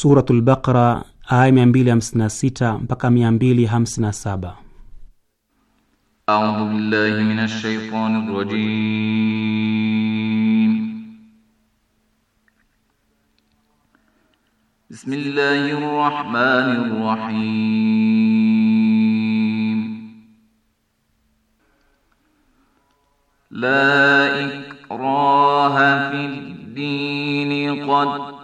Suratul Baqara aya 256 mpaka 257. A'udhu billahi minash shaitanir rajim. Bismillahir rahmanir rahim. La ikraha fid din qad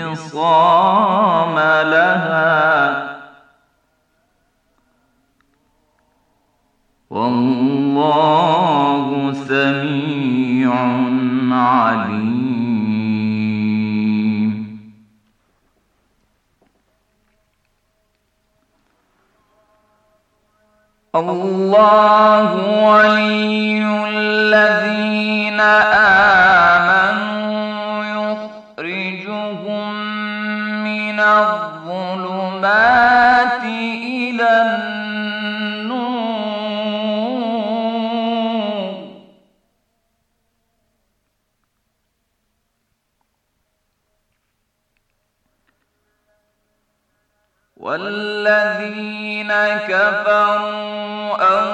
انفصام لها والله سميع عليم الله ولي الذين آمنوا الظلمات إلى النور والذين كفروا أو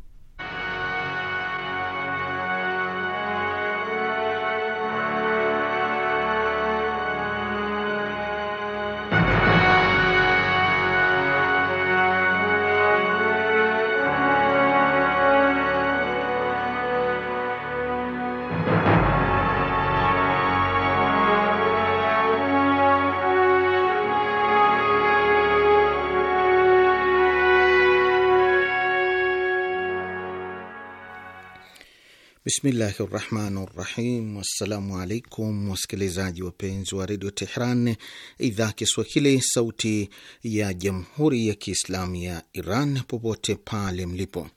Bismillahi rahmani rahim. Wassalamu alaikum wasikilizaji wapenzi wa redio Tehran, idhaa Kiswahili, sauti ya jamhuri ya kiislamu ya Iran, popote pale mlipo.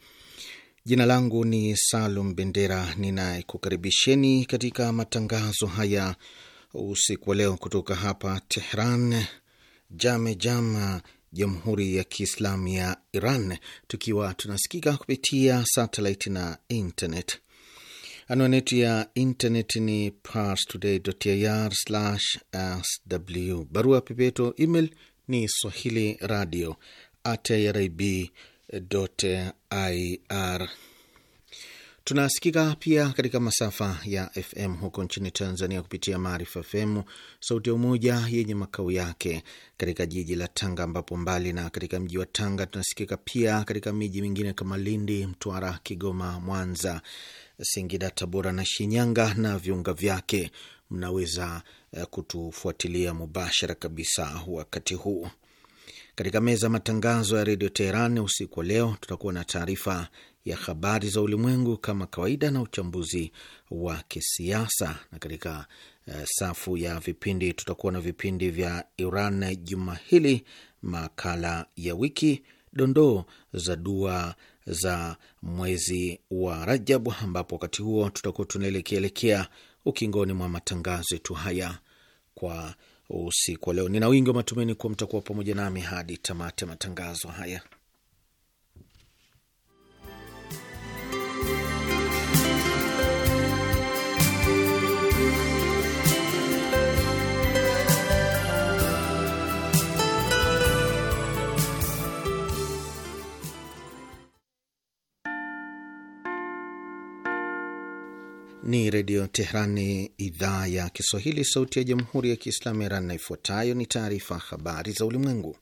Jina langu ni Salum Bendera ninayekukaribisheni katika matangazo haya usiku wa leo kutoka hapa Tehran, jame jama Jamhuri ya Kiislamu ya Iran, tukiwa tunasikika kupitia satelit na internet. Anwani yetu ya intaneti ni parstoday.ir/sw. Barua pepe yetu email ni swahili radio at ir. Tunasikika pia katika masafa ya FM huko nchini Tanzania kupitia Maarifa FM, sauti ya Umoja, yenye makao yake katika jiji la Tanga, ambapo mbali na katika mji wa Tanga tunasikika pia katika miji mingine kama Lindi, Mtwara, Kigoma, Mwanza, Singida, Tabora na Shinyanga na viunga vyake. Mnaweza eh, kutufuatilia mubashara kabisa wakati huu katika meza ya matangazo ya redio Teheran. Usiku wa leo tutakuwa na taarifa ya habari za ulimwengu kama kawaida na uchambuzi wa kisiasa, na katika uh, safu ya vipindi tutakuwa na vipindi vya Iran juma hili, makala ya wiki, dondoo za dua za mwezi wa Rajabu, ambapo wakati huo tutakuwa tunaelekeelekea ukingoni mwa matangazo yetu haya kwa usiku wa leo. Nina wingi wa matumaini kuwa mtakuwa pamoja nami hadi tamati ya matangazo haya. Ni Redio Teherani, idhaa ya Kiswahili, sauti ya Jamhuri ya Kiislamu ya Iran. Na ifuatayo ni taarifa habari za ulimwengu,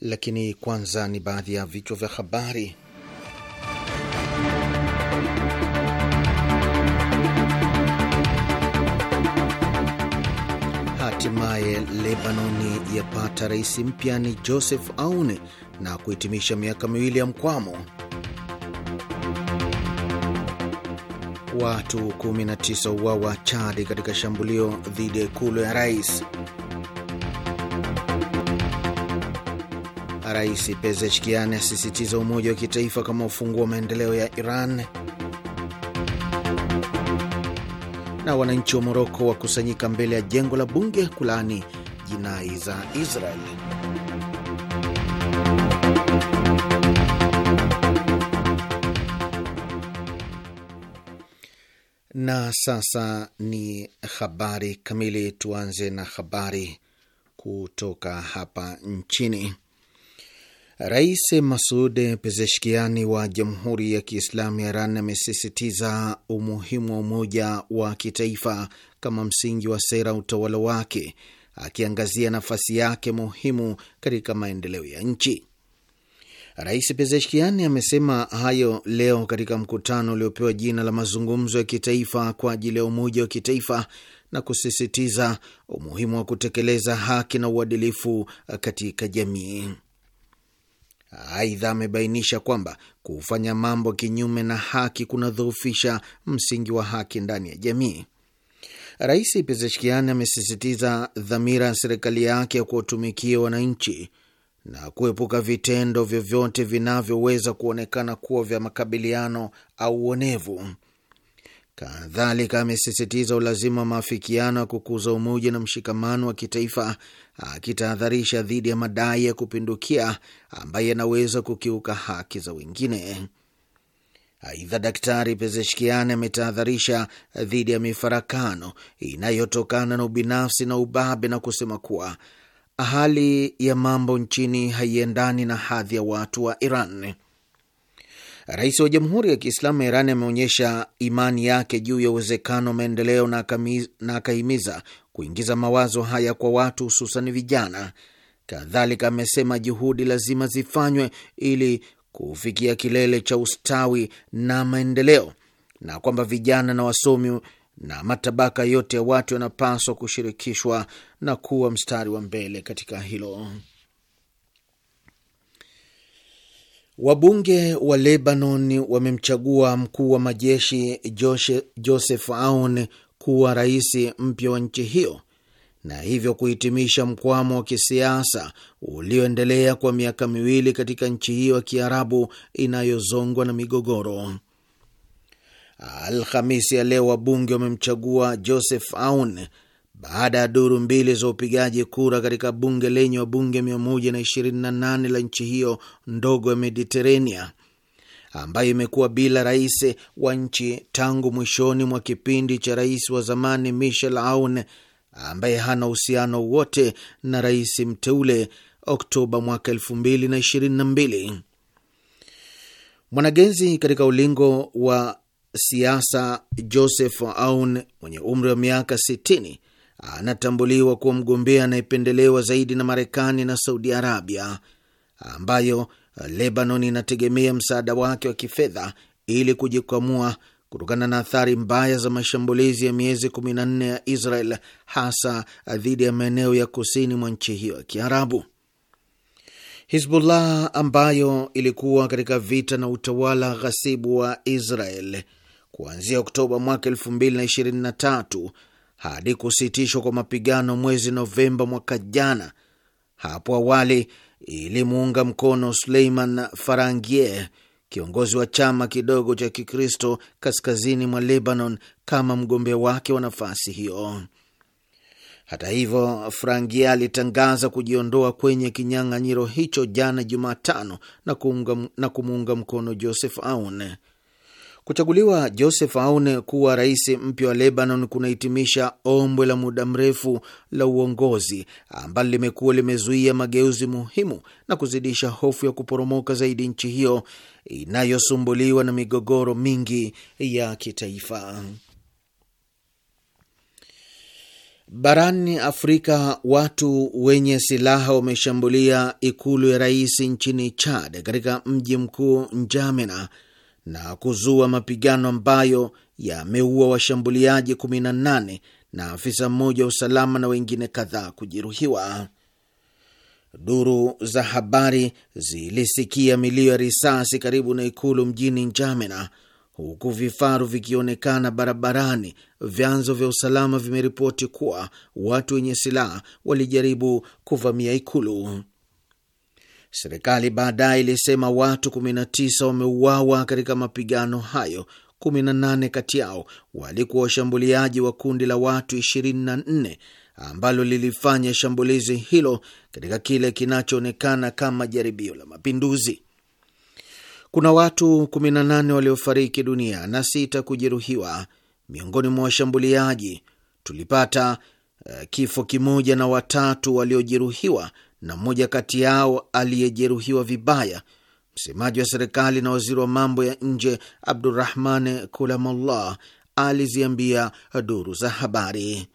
lakini kwanza ni baadhi ya vichwa vya habari. Eh, Lebanoni yapata rais mpya ni Joseph Aoun na kuhitimisha miaka miwili ya mkwamo. Watu 19 uawa Chadi katika shambulio dhidi ya ikulu ya rais. Rais Pezeshkian asisitiza umoja wa kitaifa kama ufunguo wa maendeleo ya Iran. na wananchi wa Moroko wakusanyika mbele ya jengo la bunge kulaani jinai za Israel. Na sasa ni habari kamili. Tuanze na habari kutoka hapa nchini. Rais Masud Pezeshkiani wa Jamhuri ya Kiislamu ya Iran amesisitiza umuhimu wa umoja wa kitaifa kama msingi wa sera utawala wake, akiangazia nafasi yake muhimu katika maendeleo ya nchi. Rais Pezeshkiani amesema hayo leo katika mkutano uliopewa jina la mazungumzo ya kitaifa kwa ajili ya umoja wa kitaifa na kusisitiza umuhimu wa kutekeleza haki na uadilifu katika jamii. Aidha, amebainisha kwamba kufanya mambo kinyume na haki kunadhoofisha msingi wa haki ndani ya jamii. Rais Pezeshkian amesisitiza dhamira ya serikali yake ya kuwatumikia wananchi na kuepuka vitendo vyovyote vinavyoweza kuonekana kuwa vya makabiliano au uonevu. Kadhalika amesisitiza ulazima wa maafikiano ya kukuza umoja na mshikamano wa kitaifa, akitahadharisha dhidi ya madai ya kupindukia ambaye yanaweza kukiuka haki za wengine. Aidha, Daktari Pezeshkian ametahadharisha dhidi ya mifarakano inayotokana na ubinafsi na ubabe na kusema kuwa hali ya mambo nchini haiendani na hadhi ya watu wa Iran. Rais wa Jamhuri ya Kiislamu ya Iran ameonyesha imani yake juu ya uwezekano wa maendeleo na akahimiza kuingiza mawazo haya kwa watu, hususan vijana. Kadhalika amesema juhudi lazima zifanywe ili kufikia kilele cha ustawi na maendeleo, na kwamba vijana na wasomi na matabaka yote ya watu yanapaswa kushirikishwa na kuwa mstari wa mbele katika hilo. Wabunge wa Lebanon wamemchagua mkuu wa majeshi Joseph Aoun kuwa rais mpya wa nchi hiyo na hivyo kuhitimisha mkwamo wa kisiasa ulioendelea kwa miaka miwili katika nchi hiyo ya Kiarabu inayozongwa na migogoro. Alhamisi ya leo wabunge wamemchagua Joseph Aoun baada ya duru mbili za upigaji kura katika bunge lenye wabunge 128 la nchi hiyo ndogo ya Mediterania ambayo imekuwa bila rais wa nchi tangu mwishoni mwa kipindi cha rais wa zamani Michel Aoun ambaye hana uhusiano wote na rais mteule Oktoba mwaka 2022. Mwanagenzi katika ulingo wa siasa Joseph Aoun mwenye umri wa miaka 60 anatambuliwa kuwa mgombea anayependelewa zaidi na Marekani na Saudi Arabia, ambayo Lebanon inategemea msaada wake wa kifedha ili kujikwamua kutokana na athari mbaya za mashambulizi ya miezi 14 ya Israel hasa dhidi ya maeneo ya kusini mwa nchi hiyo ya Kiarabu. Hizbullah ambayo ilikuwa katika vita na utawala ghasibu wa Israel kuanzia Oktoba mwaka hadi kusitishwa kwa mapigano mwezi Novemba mwaka jana. Hapo awali ilimuunga mkono Suleiman Farangie, kiongozi wa chama kidogo cha Kikristo kaskazini mwa Lebanon, kama mgombea wake wa nafasi hiyo. Hata hivyo, Frangia alitangaza kujiondoa kwenye kinyang'anyiro hicho jana Jumatano na kumuunga mkono Joseph Aoun. Kuchaguliwa Joseph Aoun kuwa rais mpya wa Lebanon kunahitimisha ombwe la muda mrefu la uongozi ambalo limekuwa limezuia mageuzi muhimu na kuzidisha hofu ya kuporomoka zaidi nchi hiyo inayosumbuliwa na migogoro mingi ya kitaifa. Barani Afrika, watu wenye silaha wameshambulia ikulu ya rais nchini Chad, katika mji mkuu Njamena na kuzua mapigano ambayo yameua washambuliaji 18 na afisa mmoja wa usalama na wengine kadhaa kujeruhiwa. Duru za habari zilisikia milio ya risasi karibu na ikulu mjini Njamena, huku vifaru vikionekana barabarani. Vyanzo vya usalama vimeripoti kuwa watu wenye silaha walijaribu kuvamia ikulu. Serikali baadaye ilisema watu 19 wameuawa katika mapigano hayo. 18 kati yao walikuwa washambuliaji wa kundi la watu 24 ambalo lilifanya shambulizi hilo katika kile kinachoonekana kama jaribio la mapinduzi. Kuna watu 18 waliofariki dunia na sita kujeruhiwa miongoni mwa washambuliaji. Tulipata uh, kifo kimoja na watatu waliojeruhiwa na mmoja kati yao aliyejeruhiwa vibaya. Msemaji wa serikali na waziri wa mambo ya nje Abdurahman Kulamullah aliziambia duru za habari.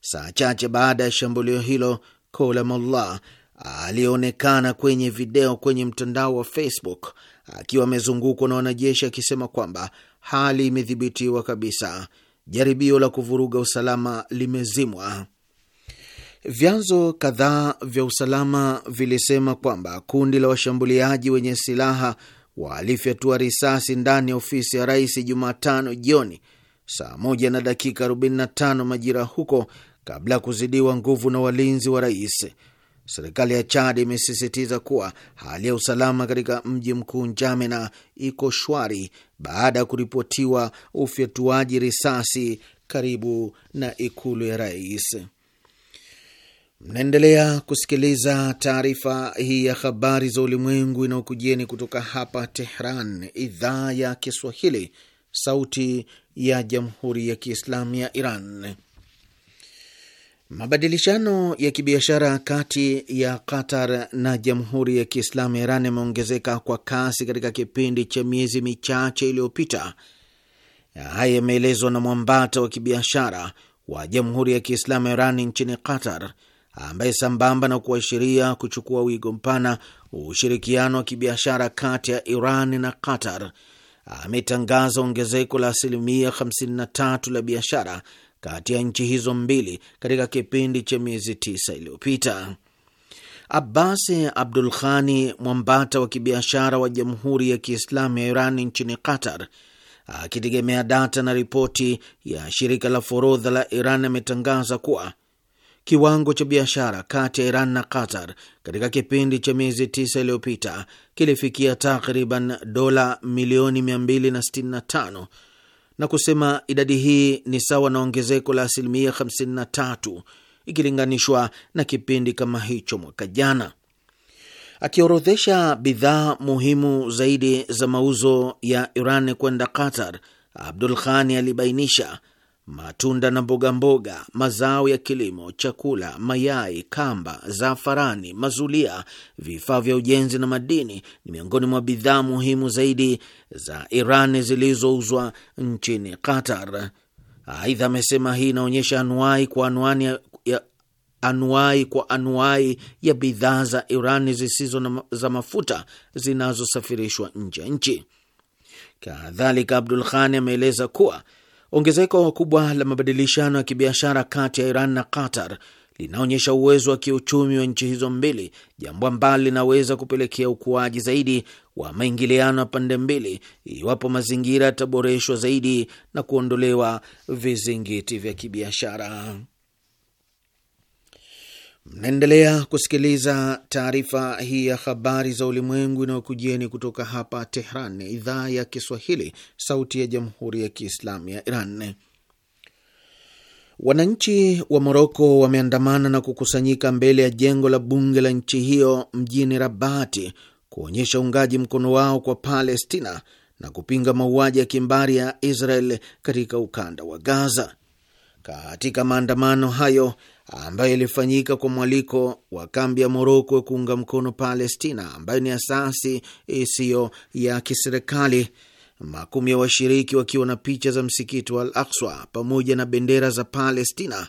Saa chache baada ya shambulio hilo, Kulamullah alionekana kwenye video kwenye mtandao wa Facebook akiwa amezungukwa na wanajeshi akisema kwamba hali imedhibitiwa kabisa, jaribio la kuvuruga usalama limezimwa. Vyanzo kadhaa vya usalama vilisema kwamba kundi la washambuliaji wenye silaha walifyatua risasi ndani ya ofisi ya rais Jumatano jioni saa moja na dakika 45 majira huko, kabla ya kuzidiwa nguvu na walinzi wa rais. Serikali ya Chad imesisitiza kuwa hali ya usalama katika mji mkuu Njamena iko shwari baada ya kuripotiwa ufyatuaji risasi karibu na ikulu ya rais. Mnaendelea kusikiliza taarifa hii ya habari za ulimwengu inayokujieni kutoka hapa Tehran, idhaa ya Kiswahili, sauti ya jamhuri ya kiislamu ya Iran. Mabadilishano ya kibiashara kati ya Qatar na jamhuri ya kiislamu ya Iran yameongezeka kwa kasi katika kipindi cha miezi michache iliyopita. Haya yameelezwa na mwambata wa kibiashara wa jamhuri ya kiislamu ya Iran nchini Qatar ambaye sambamba na kuashiria kuchukua wigo mpana ushirikiano wa kibiashara kati ya Iran na Qatar, ametangaza ongezeko la asilimia 53 la biashara kati ya nchi hizo mbili katika kipindi cha miezi tisa iliyopita. Abbas Abdul Ghani, mwambata wa kibiashara wa Jamhuri ya Kiislamu ya Iran nchini Qatar, akitegemea data na ripoti ya shirika la forodha la Iran, ametangaza kuwa kiwango cha biashara kati ya Iran na Qatar katika kipindi cha miezi tisa iliyopita kilifikia takriban dola milioni 265 na kusema idadi hii ni sawa na ongezeko la asilimia 53 ikilinganishwa na kipindi kama hicho mwaka jana. Akiorodhesha bidhaa muhimu zaidi za mauzo ya Iran kwenda Qatar, Abdul Khani alibainisha matunda na mbogamboga mboga, mazao ya kilimo, chakula, mayai, kamba, zafarani, mazulia, vifaa vya ujenzi na madini ni miongoni mwa bidhaa muhimu zaidi za Iran zilizouzwa nchini Qatar. Aidha amesema hii inaonyesha anuai kwa anuani ya, ya anuai kwa anuai ya bidhaa za iran zisizo na, za mafuta zinazosafirishwa nje ya nchi. Kadhalika, Abdul Khani ameeleza kuwa Ongezeko kubwa la mabadilishano ya kibiashara kati ya Iran na Qatar linaonyesha uwezo wa kiuchumi wa nchi hizo mbili, jambo ambalo linaweza kupelekea ukuaji zaidi wa maingiliano ya pande mbili iwapo mazingira yataboreshwa zaidi na kuondolewa vizingiti vya kibiashara. Mnaendelea kusikiliza taarifa hii ya habari za ulimwengu inayokujieni kutoka hapa Tehran, idhaa ya Kiswahili, sauti ya jamhuri ya kiislamu ya Iran. Wananchi wa Moroko wameandamana na kukusanyika mbele ya jengo la bunge la nchi hiyo mjini Rabati kuonyesha uungaji mkono wao kwa Palestina na kupinga mauaji ya kimbari ya Israel katika ukanda wa Gaza. Katika maandamano hayo ambayo ilifanyika kwa mwaliko wa kambi ya Moroko kuunga mkono Palestina ambayo ni asasi isiyo ya kiserikali, makumi ya washiriki wakiwa na picha za msikiti wa Al Akswa pamoja na bendera za Palestina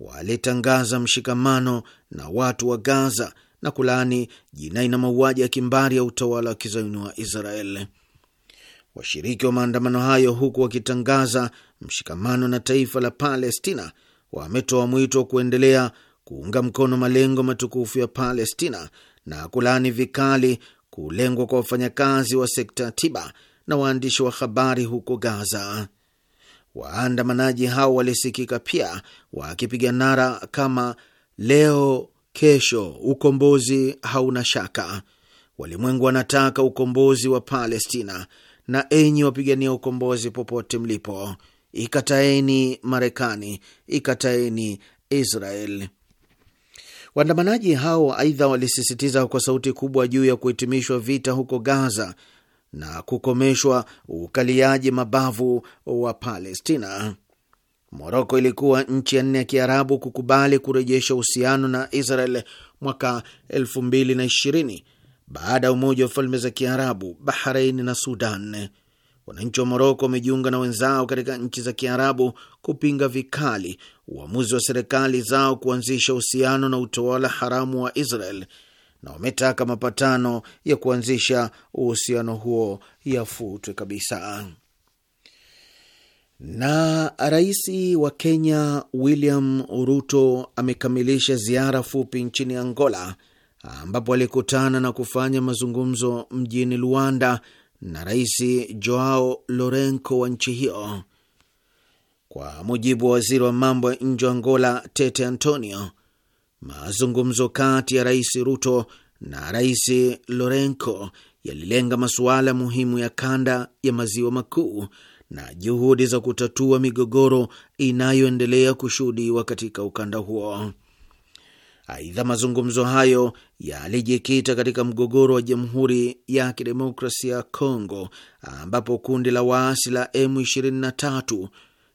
walitangaza mshikamano na watu wa Gaza na kulaani jinai na mauaji ya kimbari ya utawala wa kizayuni wa Israel. Washiriki wa maandamano hayo, huku wakitangaza mshikamano na taifa la Palestina wametoa mwito wa kuendelea kuunga mkono malengo matukufu ya Palestina na kulaani vikali kulengwa kwa wafanyakazi wa sekta tiba na waandishi wa habari huko Gaza. Waandamanaji hao walisikika pia wakipiga nara kama leo kesho, ukombozi hauna shaka, walimwengu wanataka ukombozi wa Palestina, na enyi wapigania ukombozi popote mlipo, Ikataeni Marekani, ikataeni Israel. Waandamanaji hao aidha walisisitiza kwa sauti kubwa juu ya kuhitimishwa vita huko Gaza na kukomeshwa ukaliaji mabavu wa Palestina. Moroko ilikuwa nchi ya nne ya Kiarabu kukubali kurejesha uhusiano na Israel mwaka 2020 baada ya Umoja wa Falme za Kiarabu, Bahrain na Sudan wananchi wa Moroko wamejiunga na wenzao katika nchi za Kiarabu kupinga vikali uamuzi wa serikali zao kuanzisha uhusiano na utawala haramu wa Israel na wametaka mapatano ya kuanzisha uhusiano huo yafutwe kabisa. Na rais wa Kenya William Ruto amekamilisha ziara fupi nchini Angola ambapo alikutana na kufanya mazungumzo mjini Luanda na Rais Joao Lourenco wa nchi hiyo. Kwa mujibu wa waziri wa mambo ya nje wa Angola, Tete Antonio, mazungumzo kati ya Rais Ruto na Rais Lourenco yalilenga masuala muhimu ya kanda ya maziwa makuu na juhudi za kutatua migogoro inayoendelea kushuhudiwa katika ukanda huo. Aidha, mazungumzo hayo yalijikita katika mgogoro wa Jamhuri ya Kidemokrasia ya Kongo, ambapo kundi la waasi la M23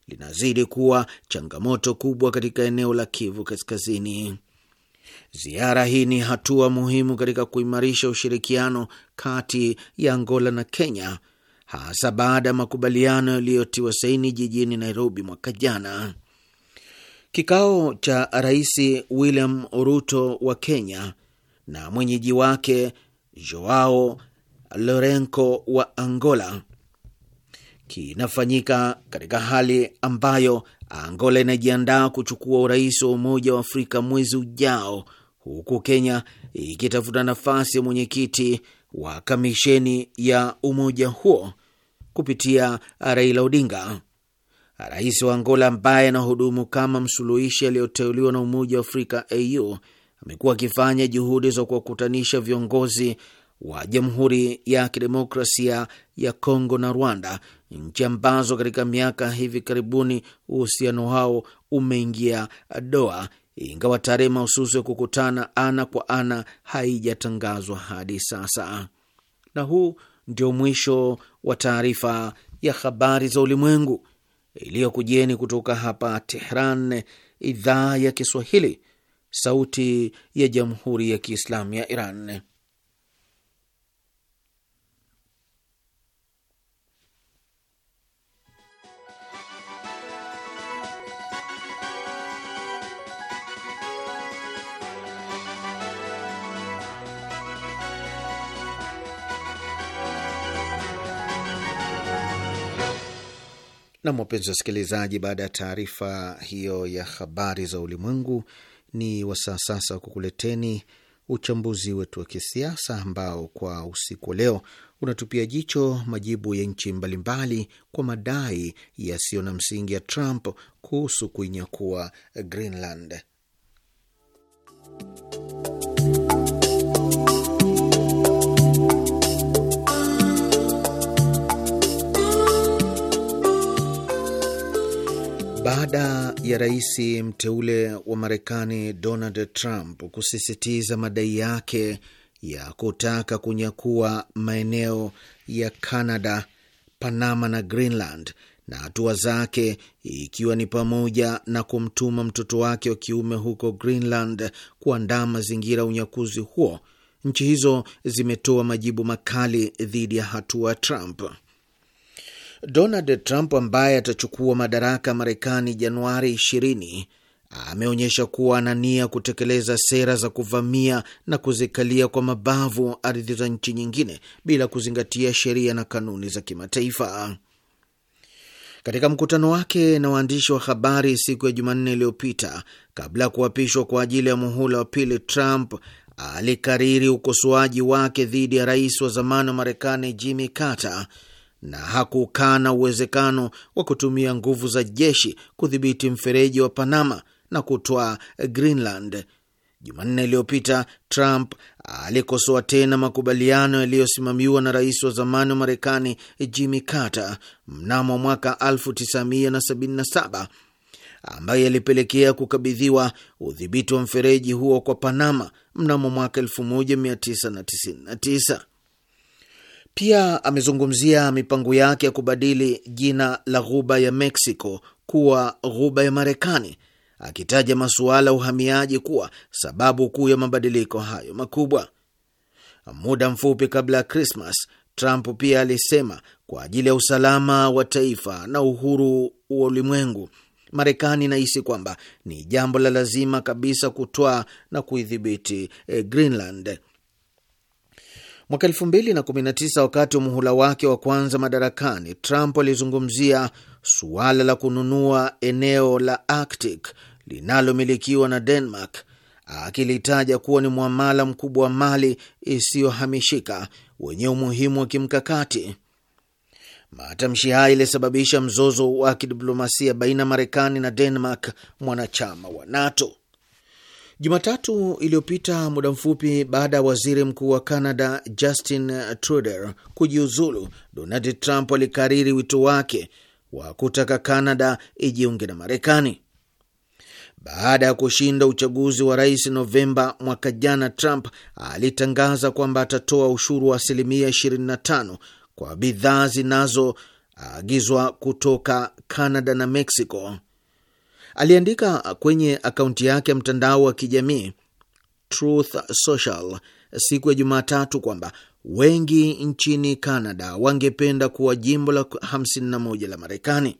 linazidi kuwa changamoto kubwa katika eneo la Kivu Kaskazini. Ziara hii ni hatua muhimu katika kuimarisha ushirikiano kati ya Angola na Kenya, hasa baada ya makubaliano yaliyotiwa saini jijini Nairobi mwaka jana. Kikao cha Rais William Ruto wa Kenya na mwenyeji wake Joao Lourenco wa Angola kinafanyika katika hali ambayo Angola inajiandaa kuchukua urais wa Umoja wa Afrika mwezi ujao, huku Kenya ikitafuta nafasi ya mwenyekiti wa kamisheni ya umoja huo kupitia Raila Odinga. Rais wa Angola ambaye anahudumu kama msuluhishi aliyoteuliwa na Umoja wa Afrika au amekuwa akifanya juhudi za kuwakutanisha viongozi wa Jamhuri ya Kidemokrasia ya Kongo na Rwanda, nchi ambazo katika miaka hivi karibuni uhusiano wao umeingia doa, ingawa tarehe mahususi ya kukutana ana kwa ana haijatangazwa hadi sasa. Na huu ndio mwisho wa taarifa ya habari za ulimwengu iliyokujieni kutoka hapa Tehran, idhaa ya Kiswahili, sauti ya jamhuri ya kiislamu ya Iran. Nam, wapenzi wasikilizaji, baada ya taarifa hiyo ya habari za ulimwengu, ni wasaa sasa kukuleteni uchambuzi wetu wa kisiasa ambao kwa usiku wa leo unatupia jicho majibu ya nchi mbalimbali kwa madai yasiyo na msingi ya Trump kuhusu kuinyakua Greenland. ya rais mteule wa Marekani Donald Trump kusisitiza madai yake ya kutaka kunyakua maeneo ya Canada, Panama na Greenland na hatua zake ikiwa ni pamoja na kumtuma mtoto wake wa kiume huko Greenland kuandaa mazingira ya unyakuzi huo. Nchi hizo zimetoa majibu makali dhidi ya hatua ya Trump. Donald Trump ambaye atachukua madaraka Marekani Januari 20 ameonyesha kuwa ana nia kutekeleza sera za kuvamia na kuzikalia kwa mabavu ardhi za nchi nyingine bila kuzingatia sheria na kanuni za kimataifa. Katika mkutano wake na waandishi wa habari siku ya Jumanne iliyopita kabla ya kuapishwa kwa ajili ya muhula wa pili, Trump alikariri ukosoaji wake dhidi ya rais wa zamani wa Marekani Jimmy Carter na hakukana uwezekano wa kutumia nguvu za jeshi kudhibiti mfereji wa Panama na kutwaa Greenland. Jumanne iliyopita Trump alikosoa tena makubaliano yaliyosimamiwa na rais wa zamani wa Marekani Jimmy Carter mnamo mwaka 1977 ambaye yalipelekea kukabidhiwa udhibiti wa mfereji huo kwa Panama mnamo mwaka 1999. Pia amezungumzia mipango yake ya kubadili jina la ghuba ya Mexico kuwa ghuba ya Marekani, akitaja masuala ya uhamiaji kuwa sababu kuu ya mabadiliko hayo makubwa. Muda mfupi kabla ya Krismas, Trump pia alisema kwa ajili ya usalama wa taifa na uhuru wa ulimwengu, Marekani inahisi kwamba ni jambo la lazima kabisa kutwaa na kuidhibiti eh, Greenland. Mwaka tisa wakati wa muhula wake wa kwanza madarakani, Trump alizungumzia suala la kununua eneo la Arctic linalomilikiwa na Denmark, akilitaja kuwa ni mwamala mkubwa wa mali isiyohamishika wenye umuhimu wa kimkakati. Matamshi haya ilisababisha mzozo wa kidiplomasia baina ya Marekani na Denmark, mwanachama wa NATO. Jumatatu iliyopita, muda mfupi baada ya waziri mkuu wa Canada Justin Trudeau kujiuzulu, Donald Trump alikariri wito wake wa kutaka Canada ijiunge na Marekani. Baada ya kushinda uchaguzi wa rais Novemba mwaka jana, Trump alitangaza kwamba atatoa ushuru wa asilimia 25 kwa bidhaa zinazoagizwa kutoka Canada na Mexico aliandika kwenye akaunti yake ya mtandao wa kijamii Truth Social siku ya Jumatatu kwamba wengi nchini Canada wangependa kuwa jimbo la 51 la Marekani.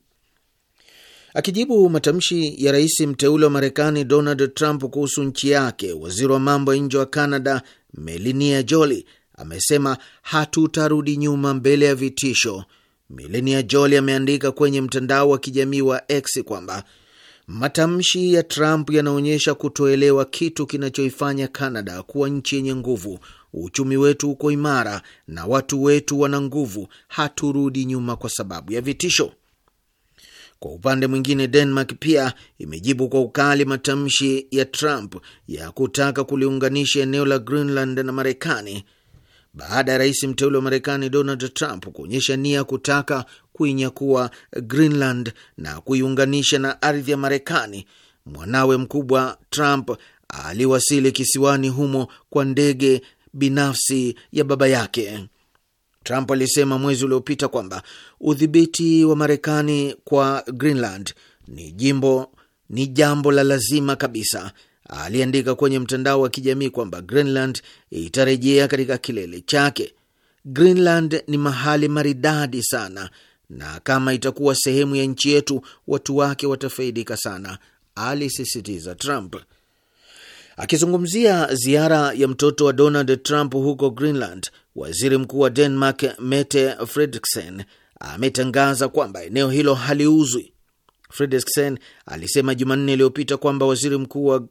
Akijibu matamshi ya rais mteule wa Marekani Donald Trump kuhusu nchi yake, waziri wa mambo ya nje wa Canada Melania Joly amesema hatutarudi nyuma mbele ya vitisho. Melania Joly ameandika kwenye mtandao wa kijamii wa X kwamba Matamshi ya Trump yanaonyesha kutoelewa kitu kinachoifanya canada kuwa nchi yenye nguvu. Uchumi wetu uko imara na watu wetu wana nguvu, haturudi nyuma kwa sababu ya vitisho. Kwa upande mwingine, Denmark pia imejibu kwa ukali matamshi ya Trump ya kutaka kuliunganisha eneo la Greenland na Marekani baada ya rais mteule wa Marekani Donald Trump kuonyesha nia ya kutaka kuinyakua Greenland na kuiunganisha na ardhi ya Marekani, mwanawe mkubwa Trump aliwasili kisiwani humo kwa ndege binafsi ya baba yake. Trump alisema mwezi uliopita kwamba udhibiti wa Marekani kwa Greenland ni jimbo ni jambo la lazima kabisa. Aliandika kwenye mtandao wa kijamii kwamba Greenland itarejea katika kilele chake. Greenland ni mahali maridadi sana na kama itakuwa sehemu ya nchi yetu, watu wake watafaidika sana, alisisitiza Trump. Akizungumzia ziara ya mtoto wa Donald Trump huko Greenland, waziri mkuu wa Denmark Mette Frederiksen ametangaza kwamba eneo hilo haliuzwi. Frederiksen alisema Jumanne iliyopita kwamba waziri mkuu wa,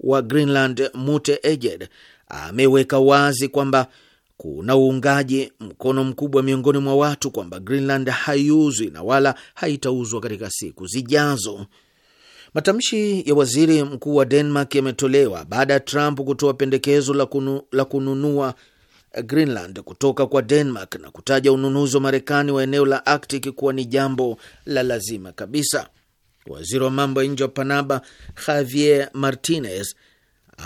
wa Greenland Mute Ejed ameweka wazi kwamba kuna uungaji mkono mkubwa miongoni mwa watu kwamba Greenland haiuzwi na wala haitauzwa katika siku zijazo. Matamshi ya waziri mkuu wa Denmark yametolewa baada ya Trump kutoa pendekezo la, kunu, la kununua Greenland kutoka kwa Denmark na kutaja ununuzi wa Marekani wa eneo la Arctic kuwa ni jambo la lazima kabisa. Waziri wa mambo ya nje wa Panama Javier Martinez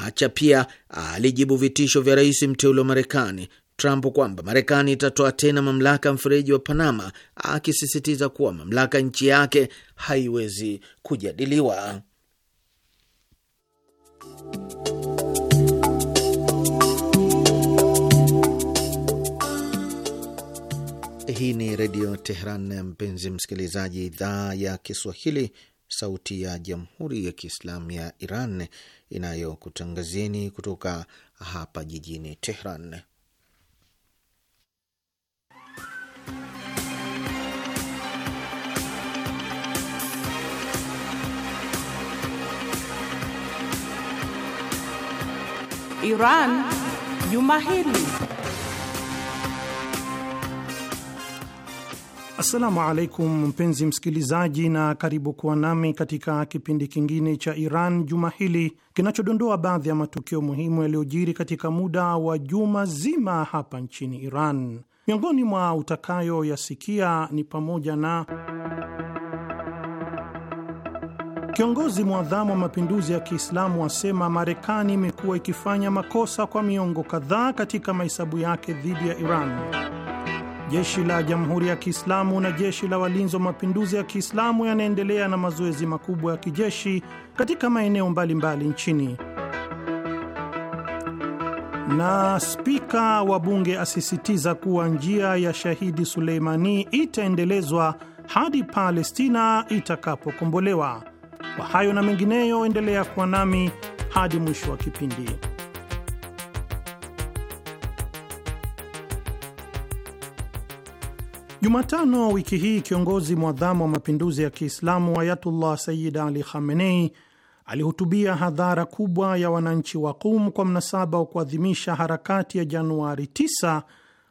Acha pia alijibu vitisho vya rais mteule wa Marekani Trump kwamba Marekani itatoa tena mamlaka mfereji wa Panama, akisisitiza kuwa mamlaka nchi yake haiwezi kujadiliwa. Hii ni Redio Teheran, mpenzi msikilizaji, idhaa ya Kiswahili, Sauti ya Jamhuri ya Kiislamu ya Iran inayokutangazieni kutoka hapa jijini Tehran. Iran Juma hili Assalamu alaikum mpenzi msikilizaji, na karibu kuwa nami katika kipindi kingine cha Iran juma hili kinachodondoa baadhi ya matukio muhimu yaliyojiri katika muda wa juma zima hapa nchini Iran. Miongoni mwa utakayoyasikia ni pamoja na kiongozi mwadhamu wa mapinduzi ya Kiislamu asema Marekani imekuwa ikifanya makosa kwa miongo kadhaa katika mahesabu yake dhidi ya Iran. Jeshi la Jamhuri ya Kiislamu na Jeshi la Walinzi wa Mapinduzi ya Kiislamu yanaendelea na mazoezi makubwa ya kijeshi katika maeneo mbalimbali nchini. Na spika wa bunge asisitiza kuwa njia ya Shahidi Suleimani itaendelezwa hadi Palestina itakapokombolewa. Kwa hayo na mengineyo, endelea kuwa nami hadi mwisho wa kipindi. Jumatano wiki hii kiongozi mwadhamu wa mapinduzi ya Kiislamu Ayatullah Sayyid Ali Khamenei alihutubia hadhara kubwa ya wananchi wa Qum kwa mnasaba wa kuadhimisha harakati ya Januari 9,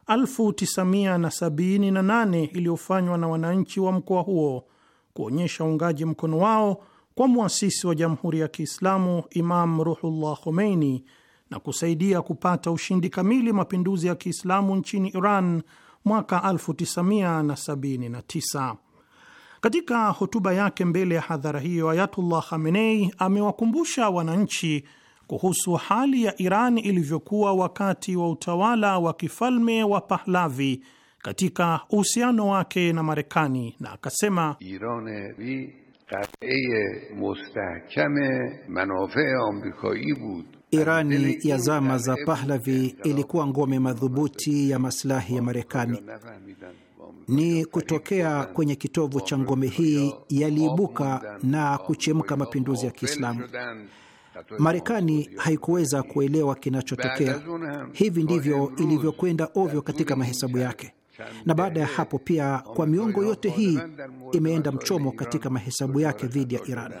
1978 iliyofanywa na wananchi wa mkoa huo kuonyesha uungaji mkono wao kwa mwasisi wa Jamhuri ya Kiislamu Imam Ruhullah Khomeini na kusaidia kupata ushindi kamili mapinduzi ya Kiislamu nchini Iran mwaka 1979. Katika hotuba yake mbele ya hadhara hiyo, Ayatullah Khamenei amewakumbusha wananchi kuhusu hali ya Iran ilivyokuwa wakati wa utawala wa kifalme wa Pahlavi katika uhusiano wake na Marekani, na akasema Iran bi qaee mustahkam manafe amrikai bud Irani ya zama za Pahlavi ilikuwa ngome madhubuti ya masilahi ya Marekani. Ni kutokea kwenye kitovu cha ngome hii yaliibuka na kuchemka mapinduzi ya Kiislamu. Marekani haikuweza kuelewa kinachotokea. Hivi ndivyo ilivyokwenda ovyo katika mahesabu yake, na baada ya hapo pia, kwa miongo yote hii imeenda mchomo katika mahesabu yake dhidi ya Iran.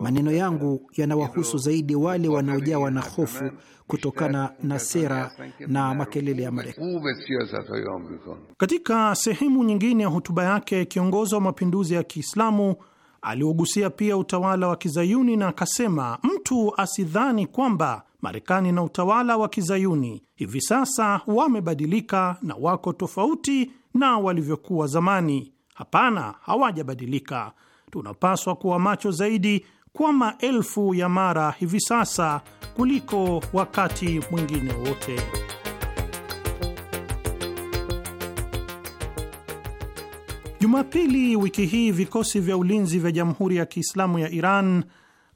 Maneno yangu yanawahusu zaidi wale wanaojawa na hofu kutokana na sera na makelele ya Marekani. Katika sehemu nyingine ya hotuba yake, kiongozi wa mapinduzi ya Kiislamu aliogusia pia utawala wa Kizayuni na akasema, mtu asidhani kwamba Marekani na utawala wa Kizayuni hivi sasa wamebadilika na wako tofauti na walivyokuwa zamani. Hapana, hawajabadilika tunapaswa kuwa macho zaidi kwa maelfu ya mara hivi sasa kuliko wakati mwingine wote. Jumapili wiki hii vikosi vya ulinzi vya Jamhuri ya Kiislamu ya Iran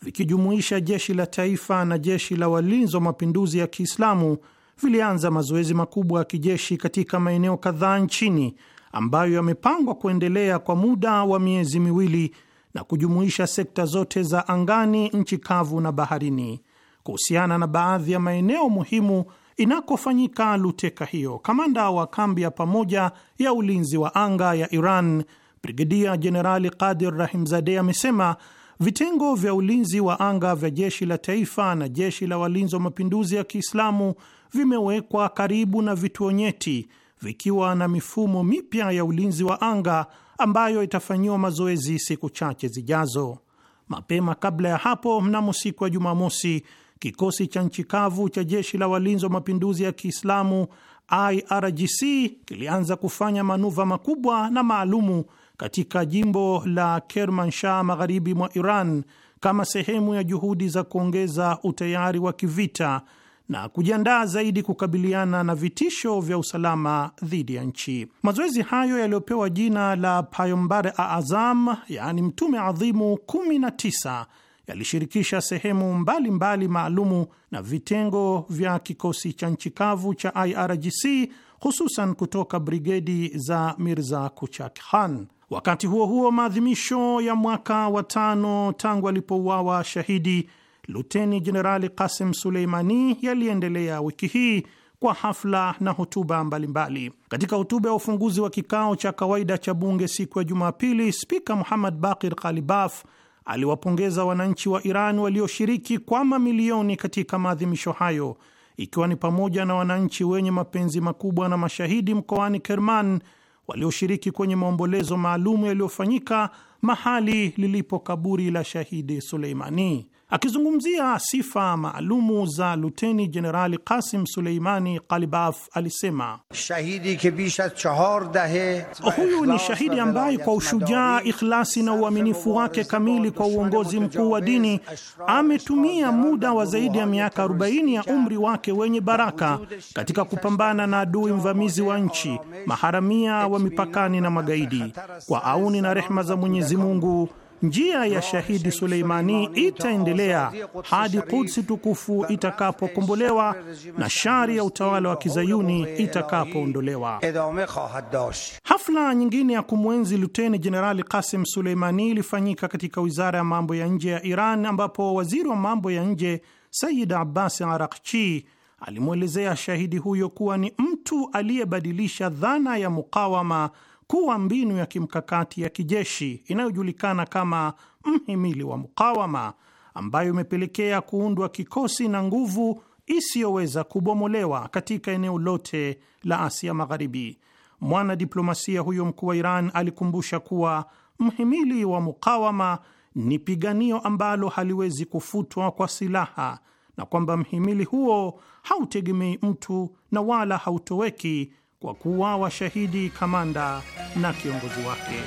vikijumuisha jeshi la taifa na jeshi la walinzi wa mapinduzi ya Kiislamu vilianza mazoezi makubwa ya kijeshi katika maeneo kadhaa nchini ambayo yamepangwa kuendelea kwa muda wa miezi miwili na kujumuisha sekta zote za angani, nchi kavu na baharini. Kuhusiana na baadhi ya maeneo muhimu inakofanyika luteka hiyo, kamanda wa kambi ya pamoja ya ulinzi wa anga ya Iran Brigedia Jenerali Qadir rahimzade amesema vitengo vya ulinzi wa anga vya jeshi la taifa na jeshi la walinzi wa mapinduzi ya Kiislamu vimewekwa karibu na vituo nyeti vikiwa na mifumo mipya ya ulinzi wa anga ambayo itafanyiwa mazoezi siku chache zijazo. Mapema kabla ya hapo, mnamo siku ya Jumamosi, kikosi cha nchi kavu cha jeshi la walinzi wa mapinduzi ya Kiislamu IRGC kilianza kufanya manuva makubwa na maalumu katika jimbo la Kermanshah magharibi mwa Iran kama sehemu ya juhudi za kuongeza utayari wa kivita na kujiandaa zaidi kukabiliana na vitisho vya usalama dhidi ya nchi. Mazoezi hayo yaliyopewa jina la Payombare a Azam, yaani mtume adhimu 19 yalishirikisha sehemu mbalimbali maalumu na vitengo vya kikosi cha nchi kavu cha IRGC hususan kutoka brigedi za Mirza Kuchak Khan. Wakati huo huo, maadhimisho ya mwaka wa tano tangu alipouawa shahidi Luteni Jenerali Kasim Suleimani yaliendelea wiki hii kwa hafla na hotuba mbalimbali. Katika hotuba ya ufunguzi wa kikao cha kawaida cha bunge siku ya Jumapili, Spika Muhammad Bakir khalibaf aliwapongeza wananchi wa Iran walioshiriki kwa mamilioni katika maadhimisho hayo, ikiwa ni pamoja na wananchi wenye mapenzi makubwa na mashahidi mkoani Kerman walioshiriki kwenye maombolezo maalum yaliyofanyika mahali lilipo kaburi la shahidi Suleimani. Akizungumzia sifa maalumu za luteni jenerali kasim Suleimani Kalibaf alisema shahidi chahar dahe, huyu ni shahidi ambaye kwa ushujaa, ikhlasi na uaminifu wake kamili kwa uongozi mkuu wa dini ametumia muda wa zaidi ya miaka 40 ya umri wake wenye baraka katika kupambana na adui mvamizi wa nchi, maharamia wa mipakani na magaidi. Kwa auni na rehma za Mwenyezi Mungu Njia ya shahidi Suleimani itaendelea hadi Kudsi tukufu itakapokombolewa na shari ya utawala wa kizayuni itakapoondolewa. Hafla nyingine ya kumwenzi Luteni Jenerali Kasim Suleimani ilifanyika katika wizara ya mambo ya nje ya Iran, ambapo waziri wa mambo ya nje Sayid Abbas Arakchi alimwelezea shahidi huyo kuwa ni mtu aliyebadilisha dhana ya mukawama kuwa mbinu ya kimkakati ya kijeshi inayojulikana kama mhimili wa mukawama, ambayo imepelekea kuundwa kikosi na nguvu isiyoweza kubomolewa katika eneo lote la Asia Magharibi. Mwanadiplomasia huyo mkuu wa Iran alikumbusha kuwa mhimili wa mukawama ni piganio ambalo haliwezi kufutwa kwa silaha na kwamba mhimili huo hautegemei mtu na wala hautoweki kwa kuwa washahidi kamanda na kiongozi wake.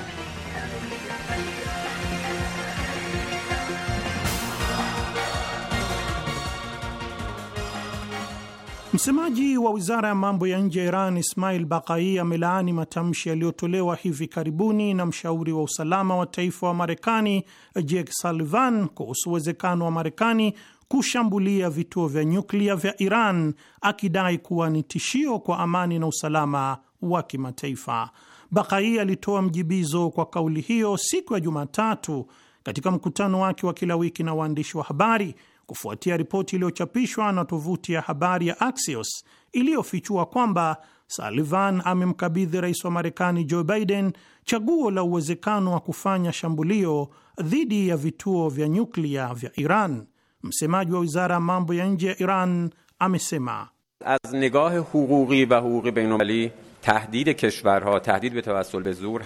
Msemaji wa wizara ya mambo ya nje ya Iran Ismail Bakai amelaani matamshi yaliyotolewa hivi karibuni na mshauri wa usalama wa taifa wa Marekani Jake Sullivan kuhusu uwezekano wa Marekani kushambulia vituo vya nyuklia vya Iran akidai kuwa ni tishio kwa amani na usalama wa kimataifa. Bakai alitoa mjibizo kwa kauli hiyo siku ya Jumatatu katika mkutano wake wa kila wiki na waandishi wa habari kufuatia ripoti iliyochapishwa na tovuti ya habari ya Axios iliyofichua kwamba Sullivan amemkabidhi rais wa Marekani Joe Biden chaguo la uwezekano wa kufanya shambulio dhidi ya vituo vya nyuklia vya Iran msemaji wa wizara ya mambo ya nje ya Iran amesema az nigah huquqi va huquqi bainulmali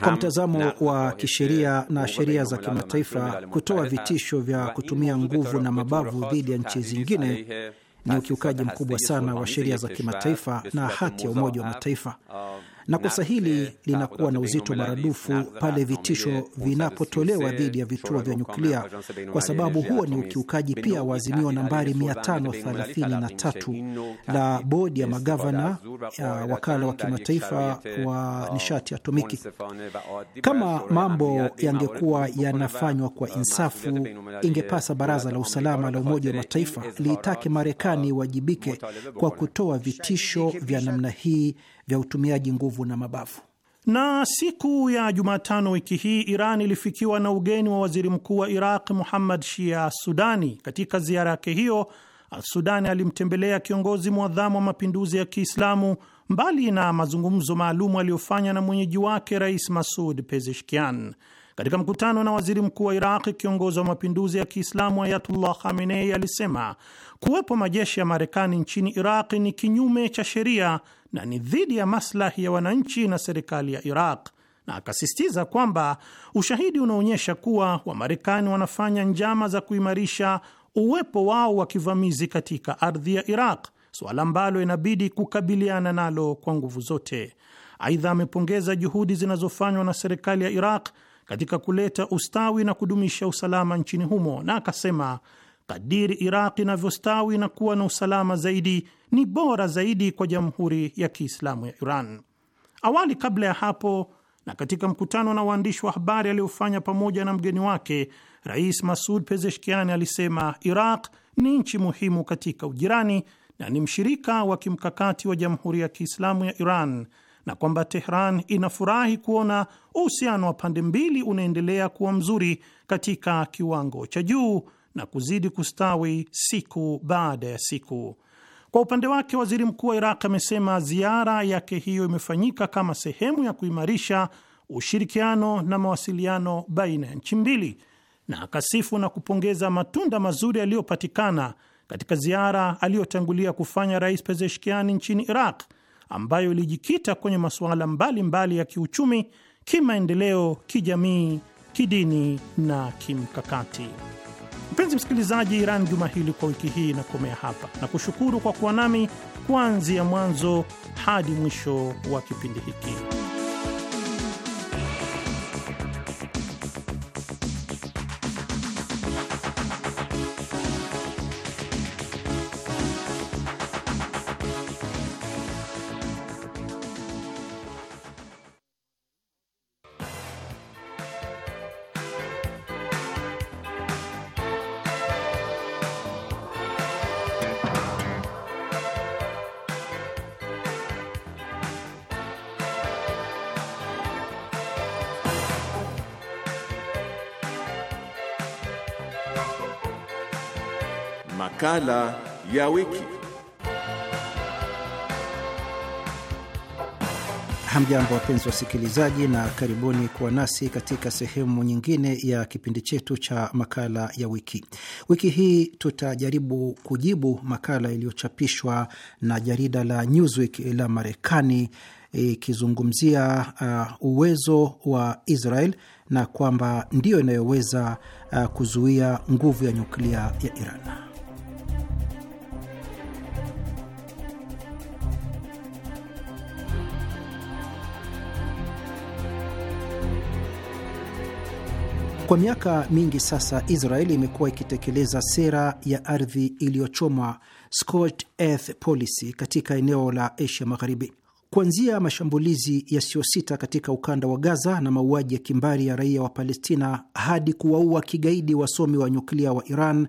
kwa mtazamo wa kisheria na sheria za kimataifa, kutoa vitisho vya kutumia nguvu na mabavu dhidi ya nchi zingine ni ukiukaji mkubwa sana wa sheria za kimataifa na hati ya Umoja wa Mataifa na kosa hili linakuwa na uzito maradufu pale vitisho vinapotolewa dhidi ya vituo vya nyuklia, kwa sababu huo ni ukiukaji pia wa azimio nambari 533 la bodi ya magavana ya wakala wa kimataifa wa um, nishati atomiki. Kama mambo yangekuwa yanafanywa kwa um, insafu, ingepasa Baraza la Usalama la Umoja wa Mataifa liitake Marekani iwajibike um, kwa kutoa vitisho vya namna hii vya utumiaji nguvu na mabavu. Na siku ya Jumatano wiki hii Iran ilifikiwa na ugeni wa waziri mkuu wa Iraq Muhammad Shia Sudani. Katika ziara yake hiyo, Sudani alimtembelea kiongozi mwadhamu wa mapinduzi ya Kiislamu, mbali na mazungumzo maalum aliyofanya na mwenyeji wake Rais Masud Pezeshkian. Katika mkutano na waziri mkuu wa Iraq, kiongozi wa mapinduzi ya Kiislamu Ayatullah Khamenei alisema kuwepo majeshi ya Marekani nchini Iraq ni kinyume cha sheria na ni dhidi ya maslahi ya wananchi na serikali ya Iraq, na akasisitiza kwamba ushahidi unaonyesha kuwa Wamarekani wanafanya njama za kuimarisha uwepo wao wa kivamizi katika ardhi ya Iraq, suala ambalo inabidi kukabiliana nalo kwa nguvu zote. Aidha, amepongeza juhudi zinazofanywa na serikali ya Iraq katika kuleta ustawi na kudumisha usalama nchini humo, na akasema kadiri Iraq inavyostawi na kuwa na usalama zaidi, ni bora zaidi kwa Jamhuri ya Kiislamu ya Iran. Awali kabla ya hapo na katika mkutano na waandishi wa habari aliyofanya pamoja na mgeni wake Rais Masud Pezeshkiani alisema Iraq ni nchi muhimu katika ujirani na ni mshirika wa kimkakati wa Jamhuri ya Kiislamu ya Iran na kwamba Tehran inafurahi kuona uhusiano wa pande mbili unaendelea kuwa mzuri katika kiwango cha juu na kuzidi kustawi siku baada ya siku. Kwa upande wake, waziri mkuu wa Iraq amesema ziara yake hiyo imefanyika kama sehemu ya kuimarisha ushirikiano na mawasiliano baina ya nchi mbili, na akasifu na kupongeza matunda mazuri yaliyopatikana katika ziara aliyotangulia kufanya Rais Pezeshkiani nchini Iraq ambayo ilijikita kwenye masuala mbalimbali ya kiuchumi, kimaendeleo, kijamii, kidini na kimkakati. Mpenzi msikilizaji, Iran juma hili kwa wiki hii inakomea hapa na kushukuru kwa kuwa nami kuanzia mwanzo hadi mwisho wa kipindi hiki. Makala ya wiki. Hamjambo, wapenzi wasikilizaji, na karibuni kuwa nasi katika sehemu nyingine ya kipindi chetu cha makala ya wiki. Wiki hii tutajaribu kujibu makala iliyochapishwa na jarida la Newsweek la Marekani ikizungumzia uh, uwezo wa Israel na kwamba ndiyo inayoweza uh, kuzuia nguvu ya nyuklia ya Iran. Kwa miaka mingi sasa Israeli imekuwa ikitekeleza sera ya ardhi iliyochomwa scorched earth policy katika eneo la Asia Magharibi, kuanzia mashambulizi yasiyosita katika ukanda wa Gaza na mauaji ya kimbari ya raia wa Palestina hadi kuwaua kigaidi wasomi wa nyuklia wa Iran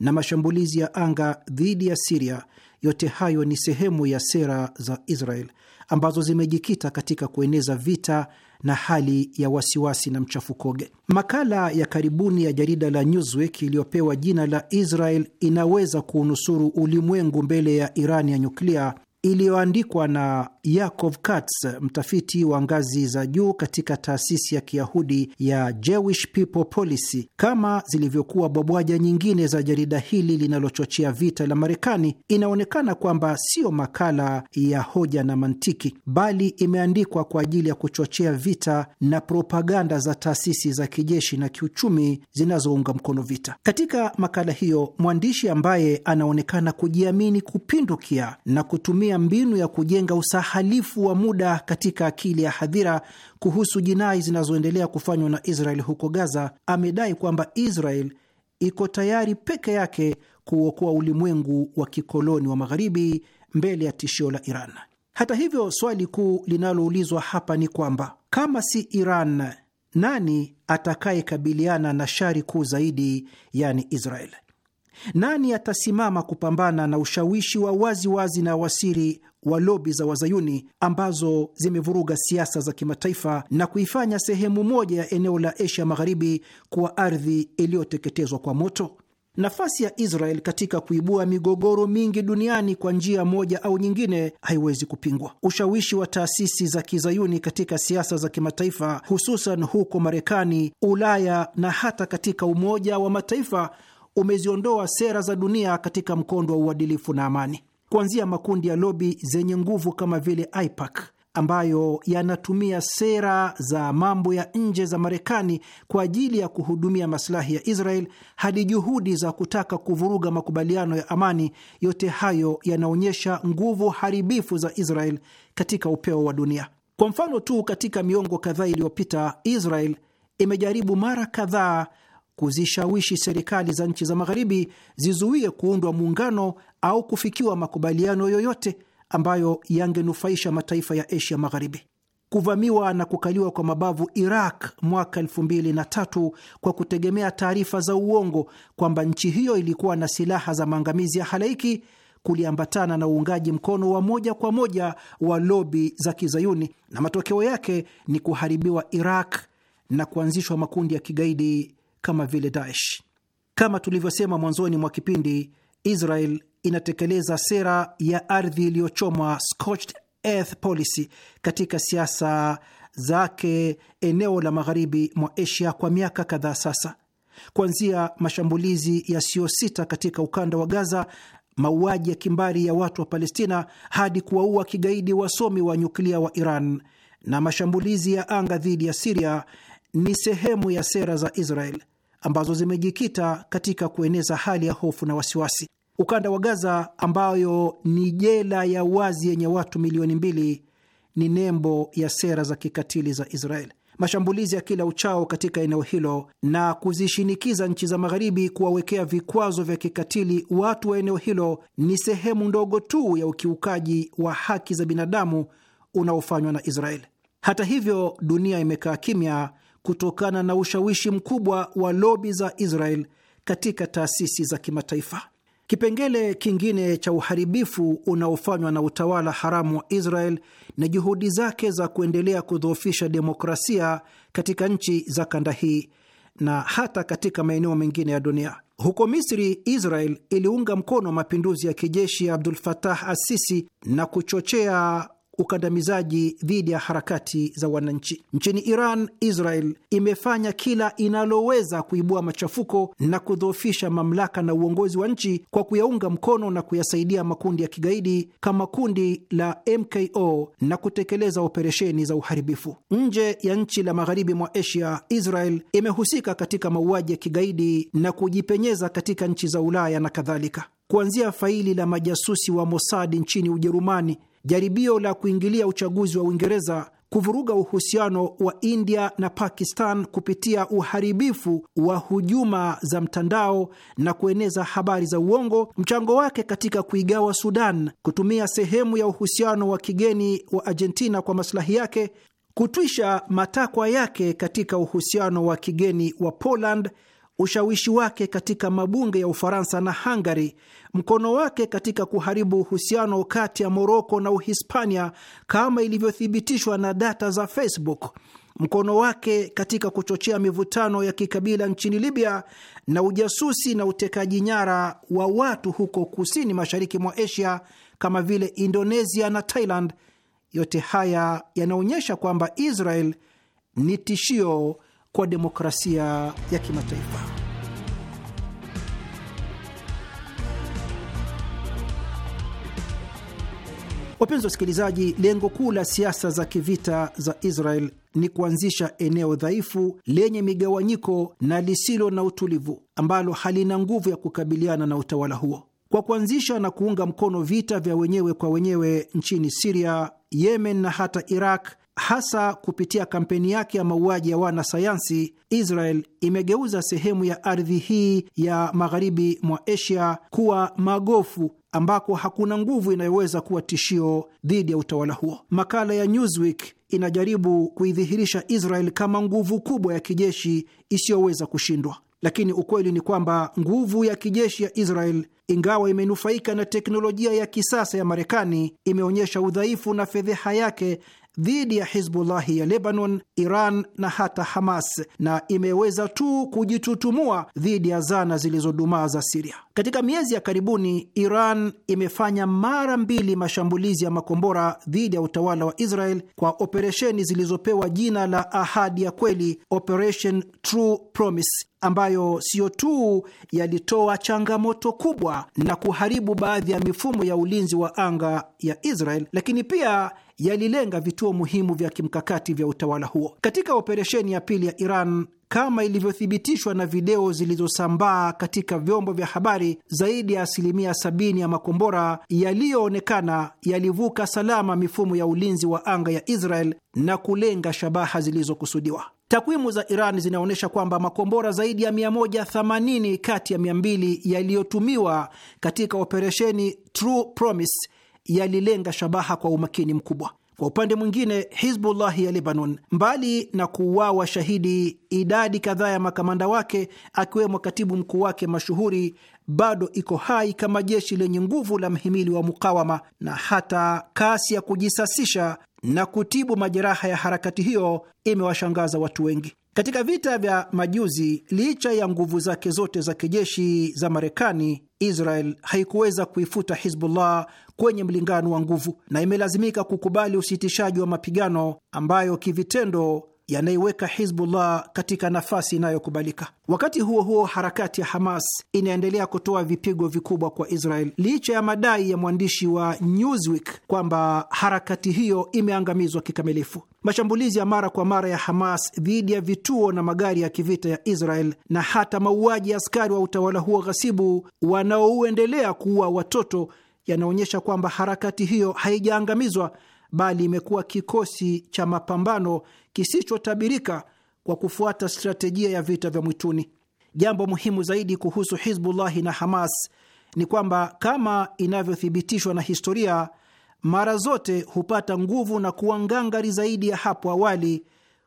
na mashambulizi ya anga dhidi ya Siria. Yote hayo ni sehemu ya sera za Israel ambazo zimejikita katika kueneza vita na hali ya wasiwasi na mchafukoge. Makala ya karibuni ya jarida la Newsweek iliyopewa jina la Israel inaweza kuunusuru ulimwengu mbele ya iran ya nyuklia iliyoandikwa na Yakov Katz, mtafiti wa ngazi za juu katika taasisi ya Kiyahudi ya Jewish People Policy. Kama zilivyokuwa bwabwaja nyingine za jarida hili linalochochea vita la Marekani, inaonekana kwamba siyo makala ya hoja na mantiki, bali imeandikwa kwa ajili ya kuchochea vita na propaganda za taasisi za kijeshi na kiuchumi zinazounga mkono vita. Katika makala hiyo, mwandishi ambaye anaonekana kujiamini kupindukia na kutumia kutumia mbinu ya kujenga usahalifu wa muda katika akili ya hadhira kuhusu jinai zinazoendelea kufanywa na Israel huko Gaza, amedai kwamba Israel iko tayari peke yake kuuokoa ulimwengu wa kikoloni wa magharibi mbele ya tishio la Iran. Hata hivyo, swali kuu linaloulizwa hapa ni kwamba kama si Iran, nani atakayekabiliana na shari kuu zaidi, yani Israel? Nani atasimama kupambana na ushawishi wa waziwazi wazi na wasiri wa lobi za wazayuni ambazo zimevuruga siasa za kimataifa na kuifanya sehemu moja ya eneo la Asia Magharibi kuwa ardhi iliyoteketezwa kwa moto? Nafasi ya Israel katika kuibua migogoro mingi duniani kwa njia moja au nyingine haiwezi kupingwa. Ushawishi wa taasisi za kizayuni katika siasa za kimataifa, hususan huko Marekani, Ulaya na hata katika Umoja wa Mataifa umeziondoa sera za dunia katika mkondo wa uadilifu na amani, kuanzia makundi ya lobi zenye nguvu kama vile AIPAC ambayo yanatumia sera za mambo ya nje za Marekani kwa ajili ya kuhudumia masilahi ya Israel hadi juhudi za kutaka kuvuruga makubaliano ya amani. Yote hayo yanaonyesha nguvu haribifu za Israel katika upeo wa dunia. Kwa mfano tu, katika miongo kadhaa iliyopita, Israel imejaribu mara kadhaa kuzishawishi serikali za nchi za Magharibi zizuie kuundwa muungano au kufikiwa makubaliano yoyote ambayo yangenufaisha mataifa ya Asia Magharibi. Kuvamiwa na kukaliwa kwa mabavu Iraq mwaka 2003 kwa kutegemea taarifa za uongo kwamba nchi hiyo ilikuwa na silaha za maangamizi ya halaiki kuliambatana na uungaji mkono wa moja kwa moja wa lobi za Kizayuni, na matokeo yake ni kuharibiwa Iraq na kuanzishwa makundi ya kigaidi kama vile Daesh. Kama tulivyosema mwanzoni mwa kipindi, Israel inatekeleza sera ya ardhi iliyochomwa scorched earth policy katika siasa zake eneo la magharibi mwa Asia kwa miaka kadhaa sasa, kuanzia mashambulizi yasiyosita katika ukanda wa Gaza, mauaji ya kimbari ya watu wa Palestina hadi kuwaua kigaidi wasomi wa nyuklia wa Iran na mashambulizi ya anga dhidi ya Siria ni sehemu ya sera za Israel ambazo zimejikita katika kueneza hali ya hofu na wasiwasi. Ukanda wa Gaza, ambayo ni jela ya wazi yenye watu milioni mbili, ni nembo ya sera za kikatili za israel Mashambulizi ya kila uchao katika eneo hilo na kuzishinikiza nchi za Magharibi kuwawekea vikwazo vya kikatili watu wa eneo hilo ni sehemu ndogo tu ya ukiukaji wa haki za binadamu unaofanywa na israel Hata hivyo, dunia imekaa kimya kutokana na ushawishi mkubwa wa lobi za Israel katika taasisi za kimataifa. Kipengele kingine cha uharibifu unaofanywa na utawala haramu wa Israel ni juhudi zake za kuendelea kudhoofisha demokrasia katika nchi za kanda hii na hata katika maeneo mengine ya dunia. Huko Misri, Israel iliunga mkono mapinduzi ya kijeshi ya Abdul Fatah Assisi na kuchochea ukandamizaji dhidi ya harakati za wananchi. Nchini Iran, Israel imefanya kila inaloweza kuibua machafuko na kudhoofisha mamlaka na uongozi wa nchi kwa kuyaunga mkono na kuyasaidia makundi ya kigaidi kama kundi la MKO na kutekeleza operesheni za uharibifu nje ya nchi. La magharibi mwa Asia, Israel imehusika katika mauaji ya kigaidi na kujipenyeza katika nchi za Ulaya na kadhalika, kuanzia faili la majasusi wa Mossad nchini Ujerumani jaribio la kuingilia uchaguzi wa Uingereza, kuvuruga uhusiano wa India na Pakistan kupitia uharibifu wa hujuma za mtandao na kueneza habari za uongo, mchango wake katika kuigawa Sudan, kutumia sehemu ya uhusiano wa kigeni wa Argentina kwa masilahi yake, kutwisha matakwa yake katika uhusiano wa kigeni wa Poland ushawishi wake katika mabunge ya Ufaransa na Hungary, mkono wake katika kuharibu uhusiano kati ya Moroko na Uhispania kama ilivyothibitishwa na data za Facebook, mkono wake katika kuchochea mivutano ya kikabila nchini Libya na ujasusi na utekaji nyara wa watu huko kusini mashariki mwa Asia kama vile Indonesia na Thailand. Yote haya yanaonyesha kwamba Israel ni tishio kwa demokrasia ya kimataifa. Wapenzi wasikilizaji, lengo kuu la siasa za kivita za Israel ni kuanzisha eneo dhaifu lenye migawanyiko na lisilo na utulivu ambalo halina nguvu ya kukabiliana na utawala huo. Kwa kuanzisha na kuunga mkono vita vya wenyewe kwa wenyewe nchini Siria, Yemen na hata Iraq, hasa kupitia kampeni yake ya mauaji ya wanasayansi, Israel imegeuza sehemu ya ardhi hii ya magharibi mwa Asia kuwa magofu ambako hakuna nguvu inayoweza kuwa tishio dhidi ya utawala huo. Makala ya Newsweek inajaribu kuidhihirisha Israel kama nguvu kubwa ya kijeshi isiyoweza kushindwa, lakini ukweli ni kwamba nguvu ya kijeshi ya Israel, ingawa imenufaika na teknolojia ya kisasa ya Marekani, imeonyesha udhaifu na fedheha yake dhidi ya Hizbullahi ya Lebanon, Iran na hata Hamas, na imeweza tu kujitutumua dhidi ya zana zilizodumaa za Siria. Katika miezi ya karibuni, Iran imefanya mara mbili mashambulizi ya makombora dhidi ya utawala wa Israel kwa operesheni zilizopewa jina la Ahadi ya Kweli, Operation True Promise ambayo siyo tu yalitoa changamoto kubwa na kuharibu baadhi ya mifumo ya ulinzi wa anga ya Israel, lakini pia yalilenga vituo muhimu vya kimkakati vya utawala huo. Katika operesheni ya pili ya Iran, kama ilivyothibitishwa na video zilizosambaa katika vyombo vya habari, zaidi ya asilimia sabini ya makombora yaliyoonekana yalivuka salama mifumo ya ulinzi wa anga ya Israel na kulenga shabaha zilizokusudiwa. Takwimu za Iran zinaonyesha kwamba makombora zaidi ya 180 kati ya 200 yaliyotumiwa katika operesheni True Promise yalilenga shabaha kwa umakini mkubwa. Kwa upande mwingine, Hizbullahi ya Lebanon, mbali na kuuawa shahidi idadi kadhaa ya makamanda wake, akiwemo katibu mkuu wake mashuhuri bado iko hai kama jeshi lenye nguvu la mhimili wa mukawama na hata kasi ya kujisasisha na kutibu majeraha ya harakati hiyo imewashangaza watu wengi. Katika vita vya majuzi, licha ya nguvu zake zote za kijeshi za Marekani, Israel haikuweza kuifuta Hizbullah kwenye mlingano wa nguvu na imelazimika kukubali usitishaji wa mapigano ambayo kivitendo yanaiweka Hizbullah katika nafasi inayokubalika. Wakati huo huo, harakati ya Hamas inaendelea kutoa vipigo vikubwa kwa Israel licha ya madai ya mwandishi wa Newsweek kwamba harakati hiyo imeangamizwa kikamilifu. Mashambulizi ya mara kwa mara ya Hamas dhidi ya vituo na magari ya kivita ya Israel na hata mauaji ya askari wa utawala huo ghasibu wanaoendelea kuua watoto yanaonyesha kwamba harakati hiyo haijaangamizwa bali imekuwa kikosi cha mapambano kisichotabirika kwa kufuata strategia ya vita vya mwituni. Jambo muhimu zaidi kuhusu Hizbullahi na Hamas ni kwamba kama inavyothibitishwa na historia, mara zote hupata nguvu na kuwa ngangari zaidi ya hapo awali.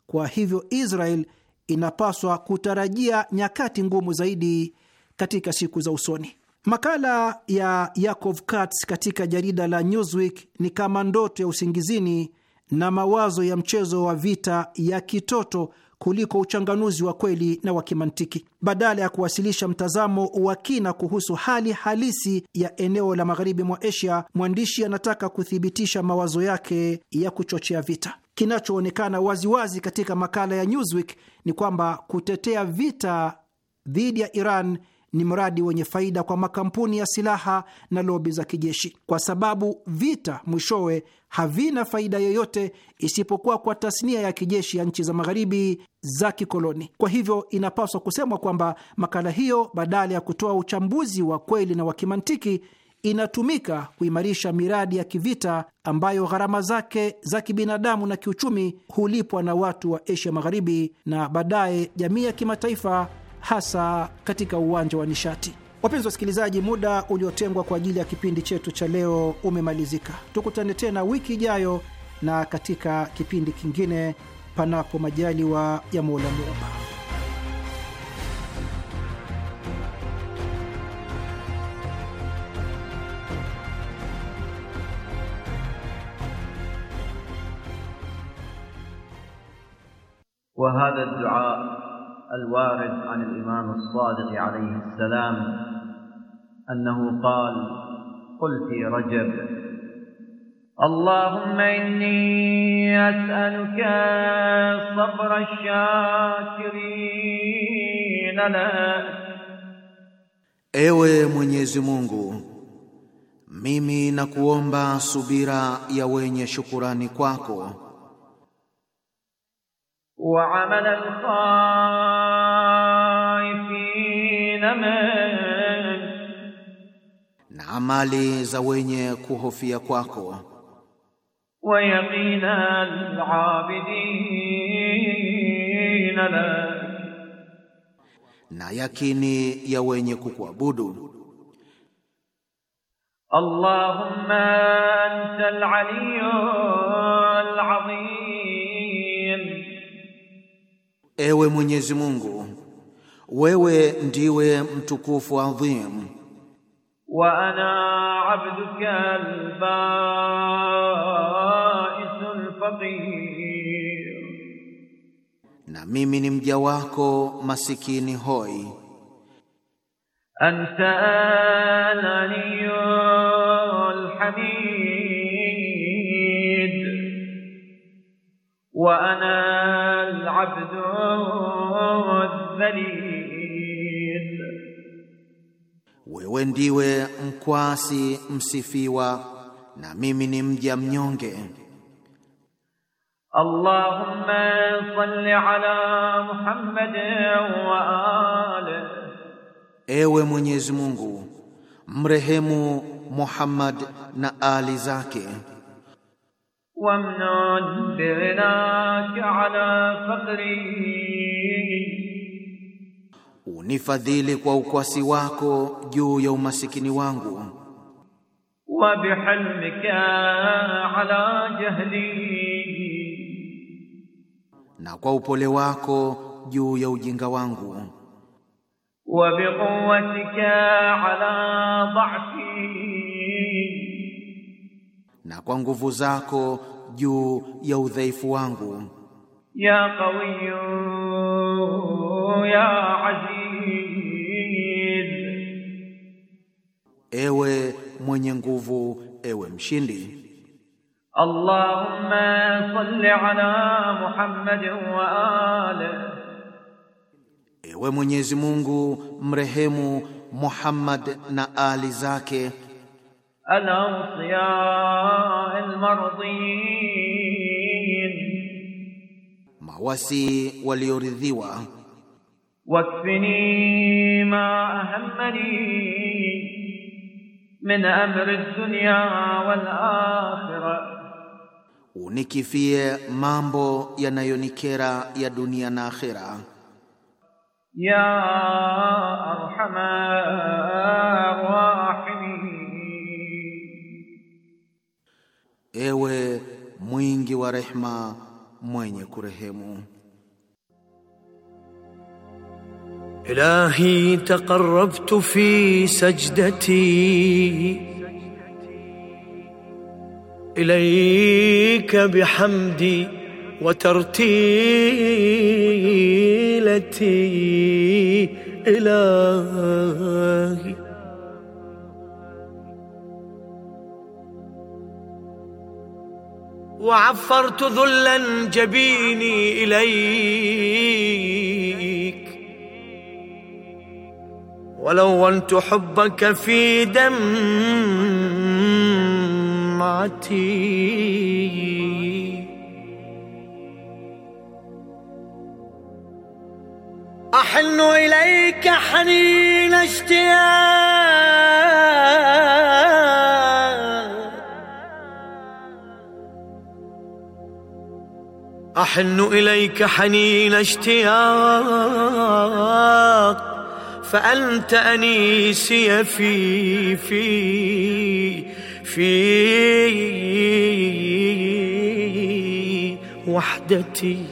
Kwa hivyo, Israel inapaswa kutarajia nyakati ngumu zaidi katika siku za usoni. Makala ya Yakov Katz katika jarida la Newsweek ni kama ndoto ya usingizini na mawazo ya mchezo wa vita ya kitoto kuliko uchanganuzi wa kweli na wa kimantiki. Badala ya kuwasilisha mtazamo wa kina kuhusu hali halisi ya eneo la magharibi mwa Asia, mwandishi anataka kuthibitisha mawazo yake ya kuchochea vita. Kinachoonekana waziwazi katika makala ya Newsweek ni kwamba kutetea vita dhidi ya Iran ni mradi wenye faida kwa makampuni ya silaha na lobi za kijeshi, kwa sababu vita mwishowe havina faida yoyote isipokuwa kwa tasnia ya kijeshi ya nchi za magharibi za kikoloni. Kwa hivyo, inapaswa kusemwa kwamba makala hiyo, badala ya kutoa uchambuzi wa kweli na wa kimantiki, inatumika kuimarisha miradi ya kivita ambayo gharama zake za kibinadamu na kiuchumi hulipwa na watu wa Asia Magharibi na baadaye jamii ya kimataifa hasa katika uwanja wa nishati. Wapenzi wasikilizaji, muda uliotengwa kwa ajili ya kipindi chetu cha leo umemalizika. Tukutane tena wiki ijayo na katika kipindi kingine, panapo majaliwa ya Mola Muumba. wa hadha dua الوارد عن الإمام الصادق عليه السلام أنه قال قل في رجب اللهم إني أسألك صبر الشاكرين لك Ewe Mwenyezi Mungu, mimi nakuomba subira ya wenye shukurani kwako. Wa وعملا صالحا aman, na amali za wenye kuhofia kwako. Wa yaqina al-abidin la, na yakini ya wenye kukuabudu. Allahumma anta al-aliyyul azim, ewe Mwenyezi Mungu wewe ndiwe mtukufu adhim wa ana abduka albaisul faqir na mimi ni mja wako masikini hoi anta aliyul hamid wa ana alabdu adh-dhalil Wewe ndiwe mkwasi msifiwa, na mimi ni mja mnyonge. Allahumma salli ala Muhammad wa ali, ewe Mwenyezi Mungu mrehemu Muhammad na ali zake. Wamnun bighnaka ala faqri unifadhili kwa ukwasi wako juu ya umasikini wangu. wa bihalmika ala jahli, na kwa upole wako juu ya ujinga wangu. wa biquwwatika ala dha'fi, na kwa nguvu zako juu ya udhaifu wangu. ya qawiyyu ya aziz ewe mwenye nguvu, ewe mshindi. Allahumma salli ala Muhammad wa alihi, ewe Mwenyezi Mungu mrehemu Muhammad na ali zake. Al-awsiya al-mardin, mawasi walioridhiwa. Wakfini ma ahammani min amri dunya wal akhirah, unikifie mambo yanayonikera ya dunia na akhira. Ya arhamar rahimin, ewe mwingi wa rehma mwenye kurehemu. إلهي تقربت في سجدتي إليك بحمدي وترتيلتي إلهي وعفرت ذلا جبيني إليك ولونت حبك في دمعتي أحن إليك حنين اشتياق أحن إليك حنين اشتياق فأنت أنيسي في في في وحدتي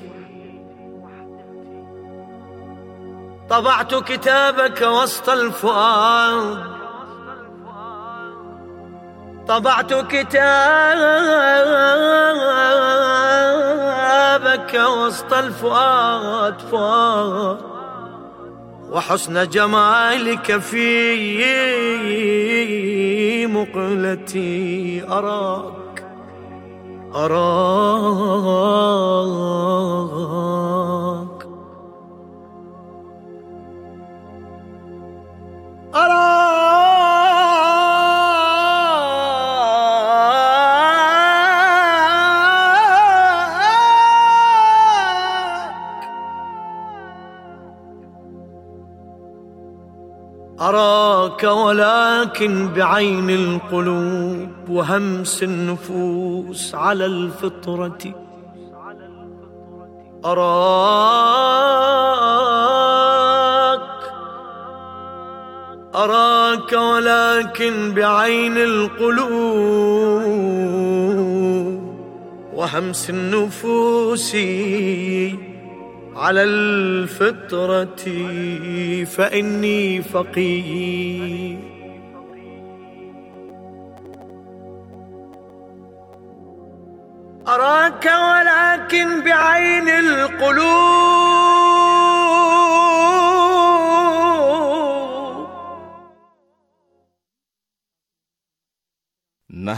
طبعت كتابك وسط الفؤاد طبعت كتابك وسط الفؤاد فؤاد وحسن جمالك في مقلتي أراك أراك أراك أراك ولكن بعين القلوب وهمس النفوس على الفطرة أراك أراك ولكن بعين القلوب وهمس النفوس على الفطرة فإني فقيه أراك ولكن بعين القلوب